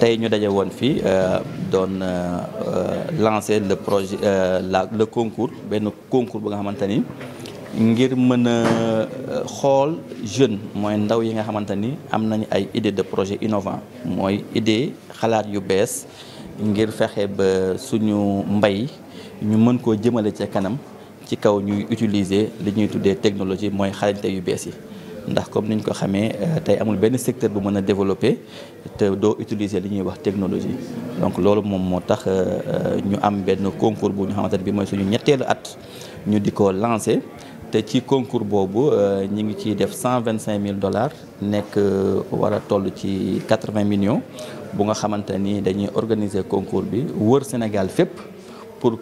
tey ñu daje woon fii euh, doon euh, euh, lancer le projet la le concours benn concours bu nga xamante ni ngir mën a xool jeune mooy ndaw yi nga xamante ni am nañu ay idée de projet innovant mooy idée xalaat yu bees ngir fexe ba suñu mbay ñu mën koo jëmale ca kanam ci kaw ñuy utiliser li ñuy tuddee technologie mooy xarañte yu bees yi ndax comme niñ ko xamee euh, tey amul benn secteur bu mën a développé te doo utiliser li ñuy wax technologie donc loolu moom moo tax euh, euh, ñu am benn concours bu ñu xamante bi mooy suñu ñetteelu at ñu di ko lancé te ci concours boobu ñu ngi ciy def cent vingt cinq mille dollars nekk war a toll ci quatre vingt millions bu nga xamante ni dañuy organiser concours bi wër Sénégal fépp pour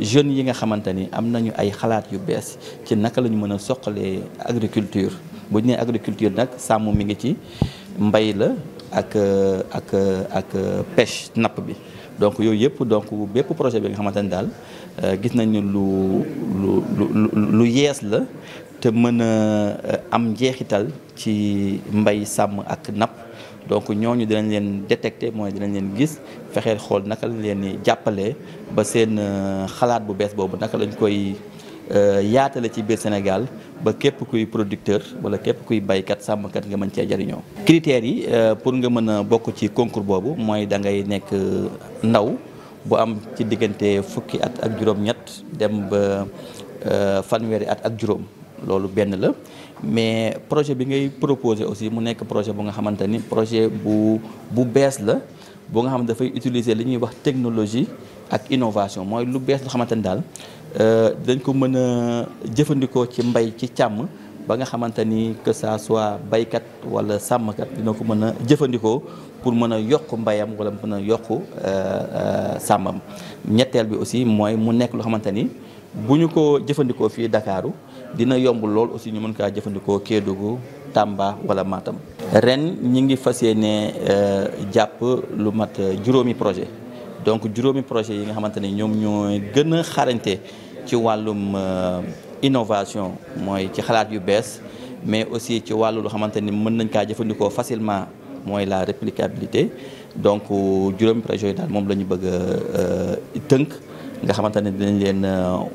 jeunes yi nga xamante ni am nañu ay xalaat yu bees ci naka lañu ñu mën a soqalee agriculture bu ñu nee agriculture nag sàmm mi ngi ci mbay la ak ak ak pêche napp bi donc yooyu yëpp donc bépp projet bi nga xamante ne daal euh, gis nañu ne lu lu lu lu yees la te mën a euh, am njeexital ci mbay sàmm ak napp donc ñooñu dinañ leen détecter mooy dinañ leen gis fexeel xool naka lañ leen di jàppale ba seen euh, xalaat bu bees boobu naka lañ koy yaatale ci biir Sénégal ba képp kuy producteur wala képp kuy baykat sàmmkat nga mën cee jariñoo critères yi euh, pour nga mën a bokk ci concours boobu mooy da ngay nekk euh, ndaw bu am ci diggante fukki at ak juróom-ñett dem ba euh, fanweeri at ak juróom loolu benn la mais projet bi ngay proposer aussi mu nekk projet bu nga xamante ni projet bu bu bees la bu nga xam dafay utiliser li ñuy wax technologie ak innovation mooy lu bees lu xamante ni daal Euh, dañ ko mën a jëfandikoo ci mbay ci càmm ba nga xamante ni que ça soit baykat wala sàmmkat dina ko mën a jëfandikoo pour mën a yokk mbayam wala mën a yokk euh, euh, sàmmam ñetteel bi aussi mooy mu nekk loo xamante ni bu ñu ko jëfandikoo fii Ndakaaru dina yomb lool aussi ñu mën kaa jëfandikoo Kédougou Tamba wala maatam ren ñi ngi fas yéene jàpp lu mat juróomi projet donc juróomi projet yi nga xamante ne ñoom ñoo gën a xarañte ci wàllum euh, innovation mooy ci xalaat yu bees mais aussi ci wàllu lu xamante ni mën nañ kaa jëfandikoo facilement mooy la réplicabilité donc euh, juróomi projet yi daal moom la ñu bëgg euh, tënk nga xamante ne dinañ leen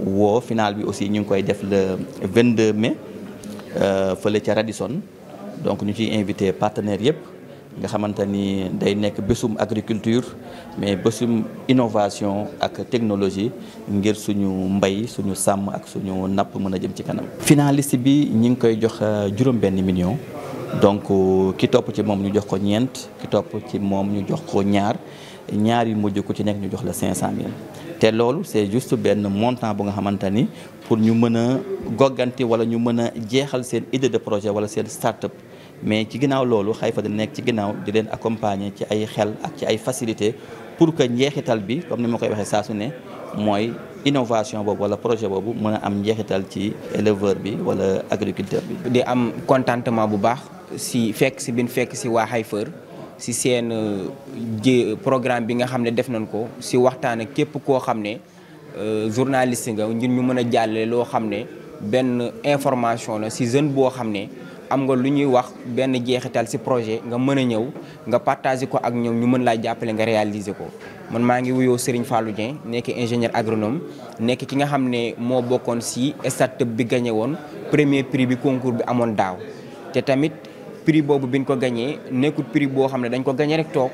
woo final bi aussi ñu ngi koy def le mais mai fële ca Radisson donc ñu ciy invité partenaires yëpp nga xamante ni day nekk bésum agriculture mais bésum innovation ak technologie ngir suñu mbay suñu sàmm ak suñu napp mën a jëm ci kanam. finaliste bi ñu ngi koy jox euh, juróom benn million donc euh, ki topp ci moom ñu jox ko ñeent ki topp ci moom ñu jox ko ñaar ñaari mujj ko ci nekk ñu jox la cinq cent mille te loolu c'est juste benn montant bu nga xamante ni pour ñu mën a goganti wala ñu mën a jeexal seen idée de projet wala seen start-up mais ci ginnaaw loolu Xayfa da nekk ci ginnaaw di leen accompagner ci ay xel ak ci ay facilité pour que njeexital bi comme ni ma koy waxee saa su ne mooy innovation boobu wala projet boobu mën a am njeexital ci éleveur bi wala agriculteur bi. di am contentement bu baax si fekk si bin fekk si waa Xayfër si seen euh, ji programme bi nga xam ne def nañ ko si waxtaan képp koo xam ne euh, journaliste nga ngir ñu mën a jàllale loo xam ne benn information la si jeune boo xam ne. am nga lu ñuy wax benn jeexital ci projet nga mën a ñëw nga partager ko ak ñoom ñu mën laa jàppale nga réaliser ko man maa ngi wuyoo Serigne Fallou Dieng nekk ingénieur agronome nekk ki nga xam ne moo bokkoon ci startup bi gagné woon premier prix bi concours bi amoon daaw te tamit prix boobu biñ ko gañee nekkul prix boo xam ne dañ ko gañee rek toog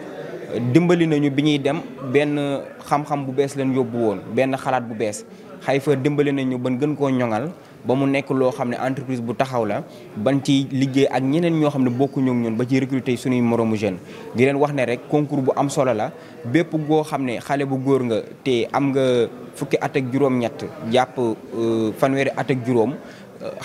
dimbali nañu bi ñuy dem benn xam-xam bu bees lañ yóbbu woon benn xalaat bu bees xay fa dimbali nañu ban gën koo ñoŋal ba mu nekk loo xam ne entreprise bu taxaw la ban ci liggéey ak ñeneen ñoo xam ne bokkuñu ak ñun ba ci recruter suñuy moromu jeune di leen wax ne rek concours bu am solo la bépp goo xam ne xale bu góor nga te am nga fukki at ak juróom-ñett jàpp euh, fanweeri at juróom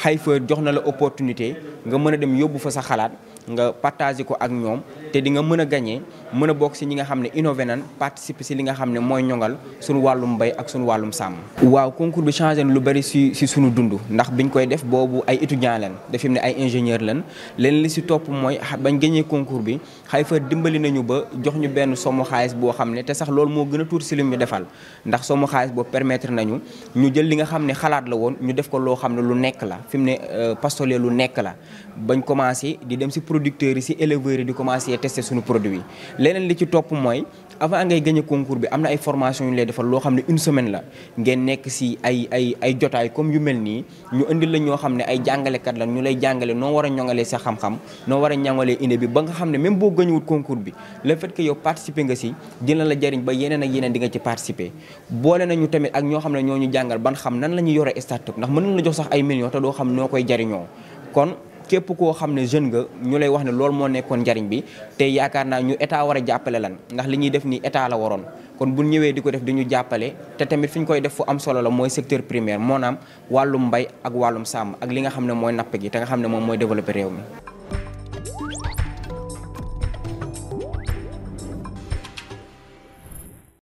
xay euh, fa jox na la opportunité nga mën a dem yóbbu fa sa xalaat nga partagé ko ak ñoom te di nga mën a gañee mën a bokk si ñi nga xam ne innové nan participer si li nga xam ne mooy ñongal suñu wàllum mbay ak suñu wàllum sàmm. waaw concours bi changé lu bëri si si suñu dund ndax biñ koy def boobu ay étudiants lañ dafim ne ay ingénieur lañ leen li si topp mooy bañ gagné concours bi xay fa dimbali nañu ba jox ñu benn somu xaalis boo xam ne te sax loolu moo gën a tuuti si lim ñu defal ndax somu xaalis boobu permettre nañu ñu jël li nga xam ne xalaat la woon ñu def ko loo xam ne lu nekk la fi mu ne euh, pastole lu nekk la bañ commencé di dem si producteurs yi si éleveurs yi di commencé tester suñu produit leneen li ci topp mooy avant ngay gagné concours bi am na ay formation yu lay defal loo xam ne une semaine la ngeen nekk si ay ay ay jotaay comme yu mel nii ñu indi la ñoo xam ne ay jàngalekat la ñu lay jàngale noo war a ñoŋalee sa xam-xam noo war a ñoŋalee idée bi ba nga xam ne même boo gagnéwut concours bi le fait que yow participer nga si dina la jariñ ba yeneen ak yeneen di nga ci participer boole nañu tamit ak ñoo xam ne ñoo ñu jàngal ban xam nan la ñuy yore start ndax mën la jox sax ay millions doo xam noo koy jariñoo képp koo xam ne jeune nga ñu lay wax ne loolu moo nekkoon njariñ bi te yaakaar naa ñu état war a jàppale lan ndax li ñuy def nii état la waroon kon bu ñëwee di ko def di ñu jàppale te tamit fi ñu koy def fu am solo la mooy secteur primaire moonaam naam wàllum mbay ak wàllum sàmm ak li nga xam ne mooy napp gi te nga xam ne moom mooy développer réew mi